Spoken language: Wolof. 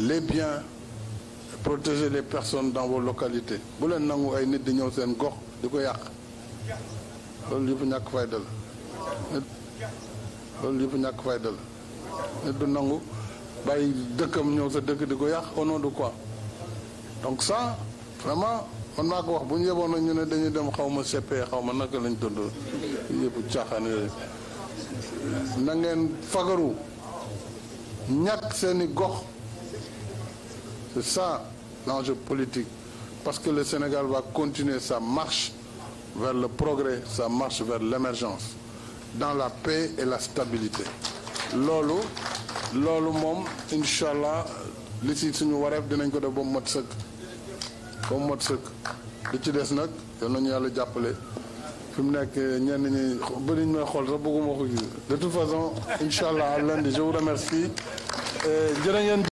les biens protéger les personnes dans vos localités bu leen nangu ay nit di ñëw seen gox di ko yàq loolu yëpp ñàkk fayda la loolu yëpp ñàkk nit du nangu bàyyi dëkkam ñëw sa dëkk di ko yàq au nom de donc ça vraiment man maa ko wax bu ñu yeboon na ñu ne dañuy dem xaw ma CP xaw ma naka lañ tudd yëpp caaxaan yooyu na fagaru ñàkk seeni gox C'est ça l'enjeu politique. Parce que le Sénégal va continuer sa marche vers le progrès, sa marche vers l'émergence, dans la paix et la stabilité. loolu loolu moom incha allah li si suñu wareef dinañ ko def ba mot sëkk ba mot sëkk li ci des nag yal nañu yàlla jàppale fi mu nekk ñenn ñi bëri ñu may xool sax bëgguma ko de toute façon incha lundi je vous remercie euh, jërë ngeen